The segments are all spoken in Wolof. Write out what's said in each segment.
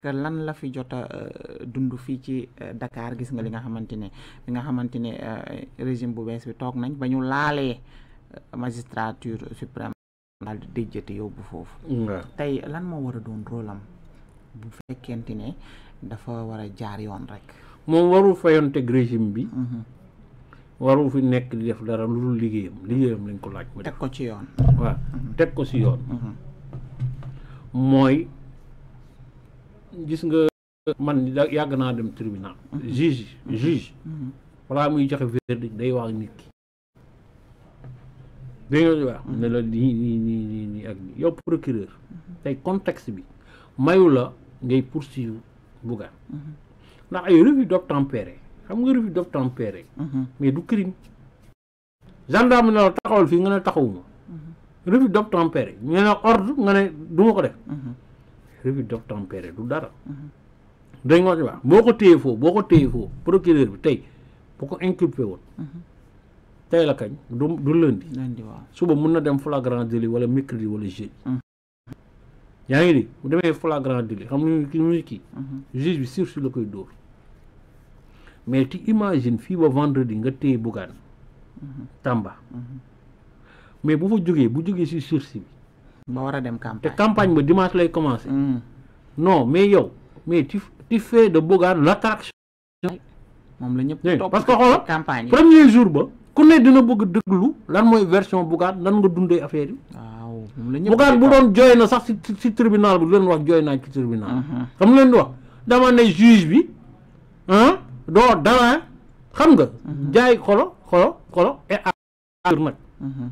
que lan la fi jot a euh, dund fii ci euh, dakaar gis nga li nga xamante ne li nga xamante ne euh, régime bu bees bi toog nañ ba ñu laalee magistrature suprême daal di déjjati yóbbu foofu tey lan moo war a doon rôle am bu fekkente ne dafa war a jaar yoon rek moom waru fayonteeg régime bi mhm. waru fi nekk di def dara lu dul liggéeyam liggéeyam lañ ko laaj teg ko ci yoon waaw mhm. teg ko ci yoon mhm. mooy gis nga man yàgg naa dem tribunal mhm. juge juge mhm. Mhm. balaa muy joxe verdict day wax nit ki nii nii nii nii nii ak yow procureur tey contexte bi mayu la ngay poursuivre Bougane ndax ay refus d'obtempérer xam nga refus d'obtempérer mais du crime gendarme ne la taxawal fii nga ne taxawuma refus d'obtempérer ñu ne ordre nga ne du ko def refus d'obtempérer du dara mhm. dañ ko wax boo ko téye foofu boo ko téye foofu procureur bi tey bu ko inculpé woon mhm. tey la kañ du du lundi suba mun na dem flagrant délit wala mercredi wala jeudi mhm. yaa ngi di bu demee flagrant délit xam nga ki mu kii juge bi sursis la koy dóor mais tu imagines fii ba vendredi nga téye Bougane Tamba mais bu fa jógee bu jógee si sursis bi ba war a dem campagne te campagne ba dimanche lay commencé. Mm. non mais yow mais tu tu fais de Bougane l'attraction. moom la ñëpp topp parce que xoolal premier jour ba ku ne dina bëgg déglu lan mooy version Bougane lan nga dundee affaire bi waaw moom la ñëpp Bougane bu doon jooy na sax si si tribunal bi du leen wax jooy naa ci tribunal. Mm-hmm. xam leen di wax dama ne bi ah doo dara xam nga. Mm-hmm. jaay xolo xolo xolo et à nag. Mm-hmm.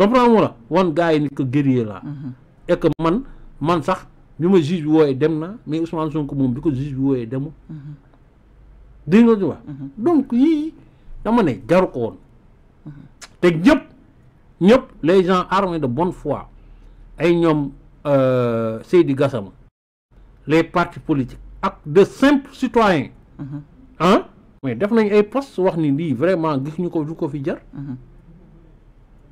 comprendre mu la wan gars ni ko guerrier la mhm. et que man man sax bima juge bi wooyee dem na mais Ousmane Sonko mom biko juge bi wooyee demul mhm. dégg nga wax mhm. donc yi dama ne jar ko won te ñep ñep les gens armés de bonne foi ay ñom euh Seydi Gassam les partis politiques ak de simples citoyens hein mais def nañ ay poste wax ni li vraiment gis ñuko ko du ko fi jar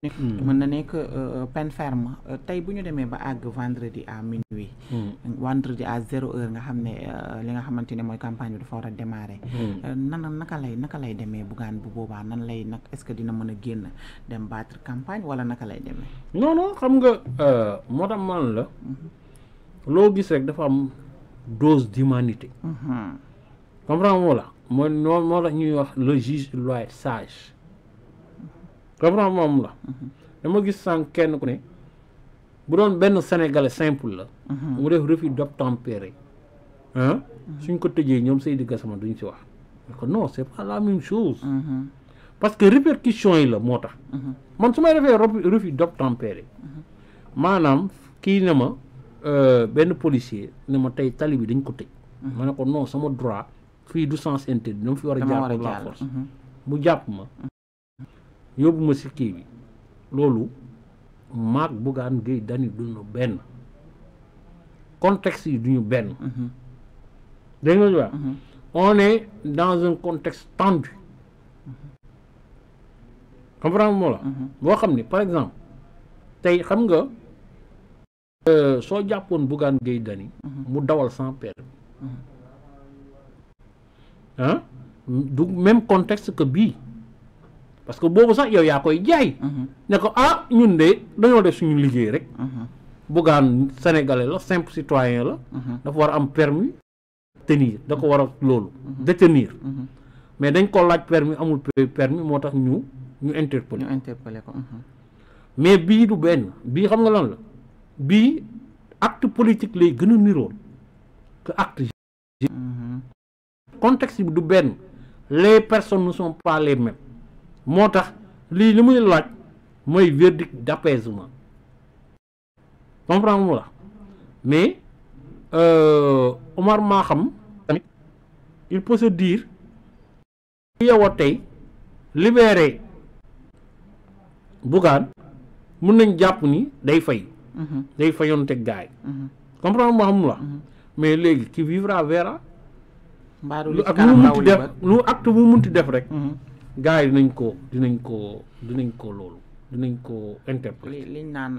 mën mm-hmm. na nekk eh, eh, peine ferme eh, tey bu ñu demee ba àgg vendredi à minuit mm-hmm. vendredi à zéro heure nga xam ne li nga xamante ne mooy campagne bi dafa war a démarrer mm-hmm. nan naka lay naka lay demee Bougane bu boobaa nan lay nag est-ce que dina mën a génn dem battre campagne wala naka lay demee non non xam nga moo tax man la loo gis rek dafa am dose d'humanité comprends moo la moo moo tax ñuy wax le juge sage comprendre moom la dama gis sànq kenn ku ne bu doon benn sénégalais simple la mhm. mu def refus d'obtempérer ah suñ ko tëjee ñoom Seydi sama duñ si wax kon non c'est pas la mhm. parce que répercussions yi la moo tax man su may defee refus d'obtempérer maanaam kii ne ma euh, benn policier ne ma tey tali bi dañ ko tëj ma ne ko sama droit fii du sens interdit dama fi war a jàpp mu jàpp ma yóbbu ma si kii bi loolu maag Bougane Gueye Dany duñu benn contexte yi duñu benn mhm. dégg wax mhm. on dans un contexte tendu comprendre moo la mhm. boo xam ni par exemple tey xam nga euh, soo jàppoon Bougane Gueye dani mu dawal sans permis ah du même contexte que bii parce que boobu sax yow yaa koy jaay. Mhm. ne ko ah ñun de dañoo def suñu liggéey rek. Mhm. Bougane sénégalais la simple citoyen la. Mhm. dafa war a am permis tenir da ko war a loolu. détenir mais dañ ko laaj permis amul permis moo tax ñu ñu interpellé. ñu interpellé ko. mais bii du benn bii xam nga lan la bii acte politique lay gën a niroon que acte. contexte bi du benn les personnes ne sont moo tax lii li muy laaj mooy verdict d'apaisement comprendre mu la mais euh, Omar maa xam tamit il peut se dire ku tey libéré Bougane mun nañ jàpp ni day fay mm-hmm. day fayoon teg gaay mm-hmm. comprendre xam la mm-hmm. mais léegi qui vivra verra lu ak lu munti def lu acte bu munti def rek gars yi nañ ko dinañ ko dinañ ko loolu dinañ ko interpréter. li liñ naan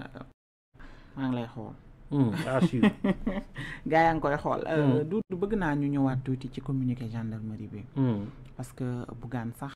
maa ngi lay xool. Hmm, assur. gars yaa ngi koy xool. Euh, hmm. du bëgg naa ñu ñëwaat tuuti ci communiqué gendarmerie bi. Hmm. parce que sax.